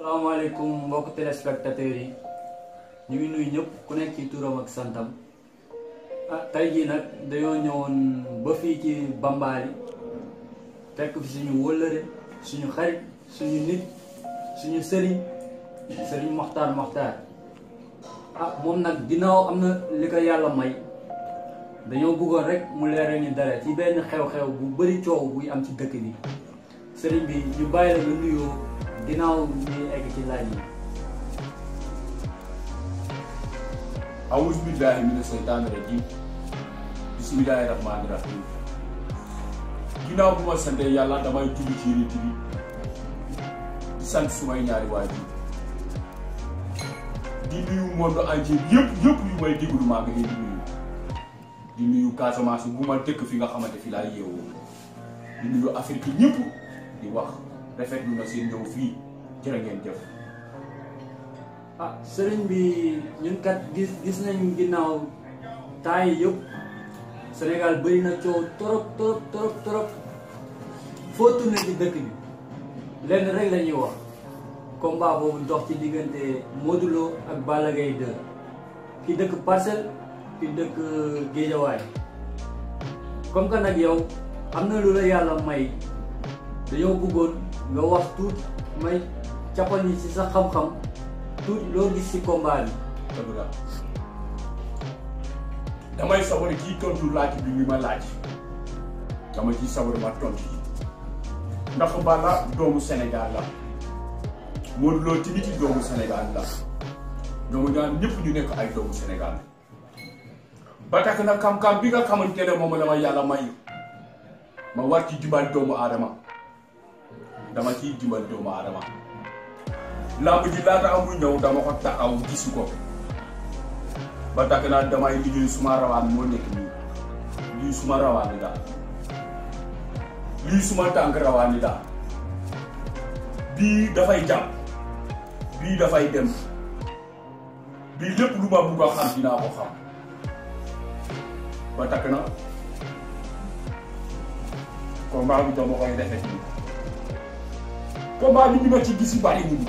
salaamaaleykum mbokk téléspectateurs yi ñu ngi nuyu ñëpp ku nekk ci turam ak santam ah tey jii nag dañoo ñëwoon ba fii ci Bambaali fekk fi suñu wëllëre suñu xarit suñu nit suñu sëriñ sëriñ Moxtaar Moxtaar ah moom nag ginnaaw am na li ko yàlla may dañoo bëggoon rek mu leeral ñu dara ci benn xew-xew bu bari coow buy am ci dëkk bi sëriñ bi ñu bàyyi la nga ginnaaw ñuy egg ci laaj yi. awus billahi mina seytaani rajiim bismillahi rahmaani rahiim ginnaaw bu ma sante yàlla damay tudd ci nit bi di sant sumay ñaari waajur di nuyu monde entier yëpp yëpp yu may déglu maa ngi leen di nuyu di bu ma dëkk fi nga xamante fi laa yeewoo di Afrique ñëpp di wax. rafetlu na seen ñëw fii jërë ngeen jëf. ah sëriñ bi ñun kat gis gis nañu ginnaaw temps yi yëpp Sénégal bëri na coow trop trop trop trop foo tourné ci dëkk bi lenn rek la ñuy wax combat boobu dox ci diggante Modou ak Balla Gaye ki dëkk Parcelles ki dëkk Géejawaay comme que nag yow am na lu la yàlla may dañoo bëggoon. nga wax tuuti may cappal yi ci sa xam-xam tuuti loo gis ci combat bi. dëgg la damay sawar kii tontu laaj bi ñu ma laaj dama ciy sawar ma tontu yi ndax Balla doomu Sénégal la Modou Lo tamit doomu Sénégal la ñoom ñaar ñëpp ñu nekk ak doomu Sénégal ba tax na kam-kam bi nga xamante ne moom la ma yàlla may ma war ci jubal doomu aadama. dama ciy dimbal doomu aadama làmb ji laata amul ñëw dama ko taxaw gisu ko ba takk naa liggéey suma rawaan moo nekk lii suma rawaan daal lii suma tànk rawaan daal bii dafay jàpp bii dafay dem bii lépp lu ma bugg a xam dinaa ko xam ba takk na combat bi combat bi li ma ci gis bari wuñu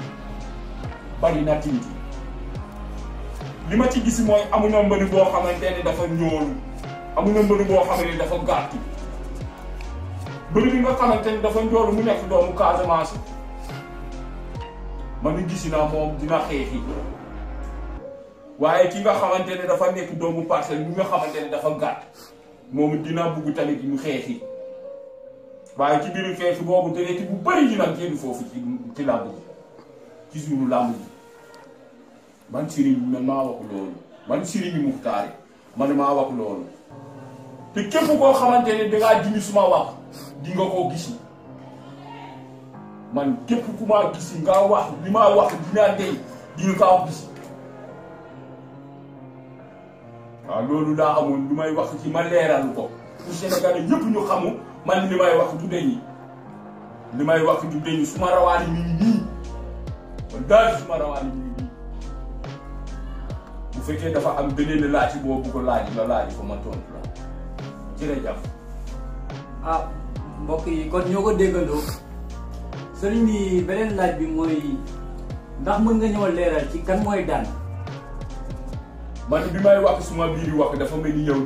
bari na li ma ci gis mooy amuñu mbëri boo xamante ne dafa ñool amuñu mbëri boo xam ne dafa gàtt mbëri bi nga xamante ne dafa njool mu nekk doomu Casamance man gis naa moom dina xeexi waaye ki nga xamante ne dafa nekk doomu parcelle bi nga xamante ne dafa gàtt moom dina bugg tamit ñu xeexi waaye ci biir feesu boobu deret bu bëri ñu nag génn foofu ci ci ji ci suñu làmb ji man sëriñ bi man maa wax loolu man sëriñ bi man maa wax loolu te képp koo xamante ne dangaa dindi suma wax di nga koo gis man képp ku maa gis nga wax li maa wax dinaa tey di nga kaa gis waaw loolu laa amoon lu wax ci ma leeral ko pour Sénégal yëpp ñu xamu man li may wax jubee ñi li may wax suma ñi su ma rawaani mi ngi nii rawaani mi ngi bu fekkee dafa am beneen laaj boo bëgg a laaj nga laaj ko ma tontu la jërëjëf. ah mbokk yi kon ñoo ko déggandoo sëriñ bi beneen laaj bi mooy ndax mën nga ler leeral ci kan mooy daan. man bi may wax suma biir wax dafa mel ni yow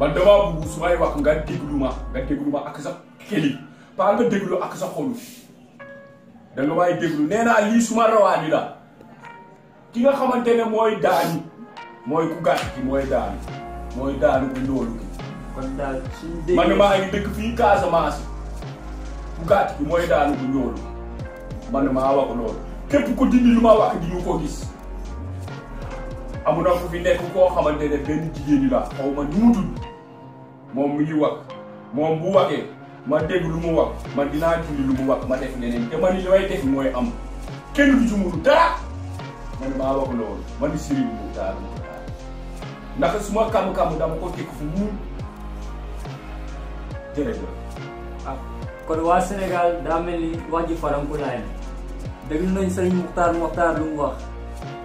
man damaa bugg su may wax nga déglu ma nga déglu ma ak sa xeli paa nga déglu ak sa xolu da nga may déglu nee naa lii suma rawaani la ki nga xamante ne mooy daani mooy ku gàtt ki mooy daani mooy daani ku ñoolu ki kon daal suñu dégg man maa mooy daani man maa wax loolu képp ku dindi ma wax di ñu ko gis amu na ku fi nekk koo xamante ne benn jigéen ñi la xaw ma nu moom mi ngi wax moom bu waxee ma dégg lu mu wax man dinaa julli lu mu wax ma def leneen te man li may def mooy am kenn du ci mënu dara man maa wax loolu man Serigne Mbour daal ma daal ndax su ma kàmm dama ko teg fu mu jërëjëf. ah kon waa Sénégal daa mel ni wax ji farankulaay na déglu nañ sëriñ Muxtaar Muxtaar lu mu wax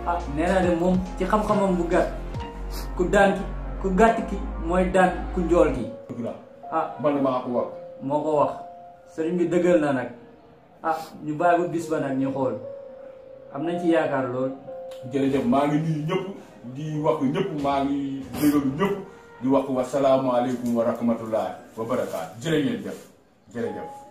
ah nee naa de moom ci xam-xamam bu gàtt ku daan ku gàtt ki. mooy daan ku njool gi ah man maa ko wax moo ko wax sëriñ bi dëggal na nag ah ñu bàyyi bu bis ba nag ñu xool am nañ ci yaakaar lool jërëjëf maa ngi nuyu ñëpp di wax ñëpp maa ngi déglu ñëpp di wax wasalaamaaleykum wa rahmatullah wa barakaatu jërë ngeen jëf jërëjëf